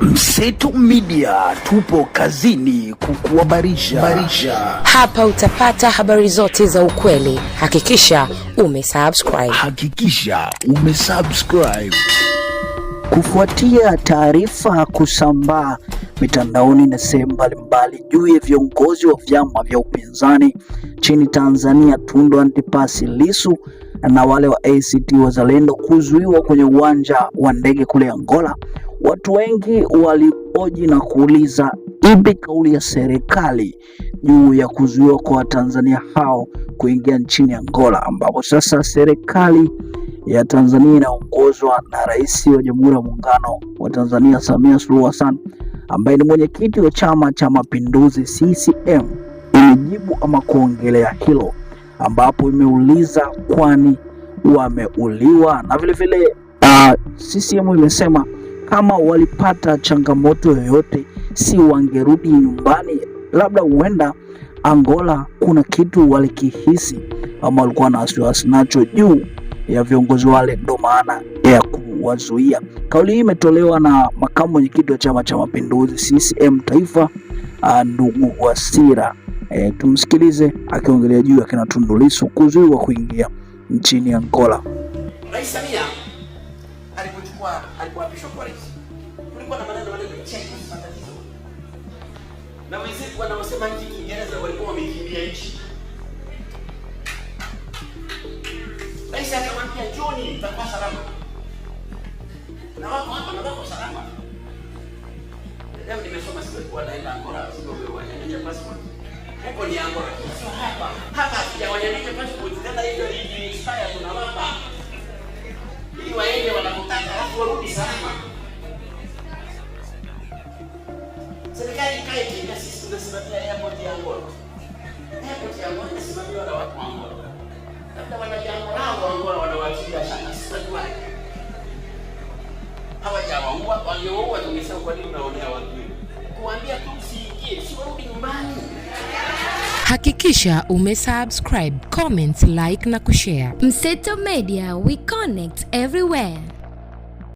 Mseto Media tupo kazini kukuhabarisha. Hapa utapata habari zote za ukweli. Hakikisha umesubscribe. Hakikisha umesubscribe. Kufuatia taarifa kusambaa mitandaoni na sehemu mbalimbali juu ya viongozi wa vyama vya upinzani nchini Tanzania, Tundu Antipas Lissu na wale wa ACT Wazalendo kuzuiwa kwenye uwanja wa ndege kule Angola Watu wengi walioji na kuuliza ipi kauli ya serikali juu ya kuzuiwa kwa Watanzania hao kuingia nchini Angola, ambapo sasa serikali ya Tanzania inaongozwa na Rais wa Jamhuri ya Muungano wa Tanzania Samia Suluhu Hassan ambaye ni mwenyekiti wa Chama cha Mapinduzi CCM imejibu ama kuongelea hilo, ambapo imeuliza kwani wameuliwa? Na vilevile ah, CCM imesema kama walipata changamoto yoyote, si wangerudi nyumbani? Labda huenda Angola kuna kitu walikihisi ama walikuwa na wasiwasi nacho juu ya viongozi wale, ndo maana ya kuwazuia. Kauli hii imetolewa na makamu mwenyekiti wa Chama cha Mapinduzi CCM Taifa, ah, ndugu Wasira. E, tumsikilize akiongelea juu ya kina Tundu Lissu kuzuiwa kuingia nchini Angola. Rais Samia alikuwa alikuwa apishwa kwa rais, kulikuwa na maneno maneno cheki matatizo, na wenzetu wanaosema nchi Kiingereza walikuwa wamekimbia nchi. Rais akamwambia John, mtakuwa salama na wako hapa na wako salama. Leo nimesoma siku alikuwa naenda Angola, sio wewe, ni Angola, huko ni Angola, sio hapa sana. Serikali ikae kimya, sisi tunasimamia airport ya Angola. Airport ya Angola inasimamiwa na watu wa Angola, labda lao Angola sana, tungesema kwa nini unaonea watu Hakikisha umesubscribe, comment, like na kushare. Mseto Media, we connect everywhere.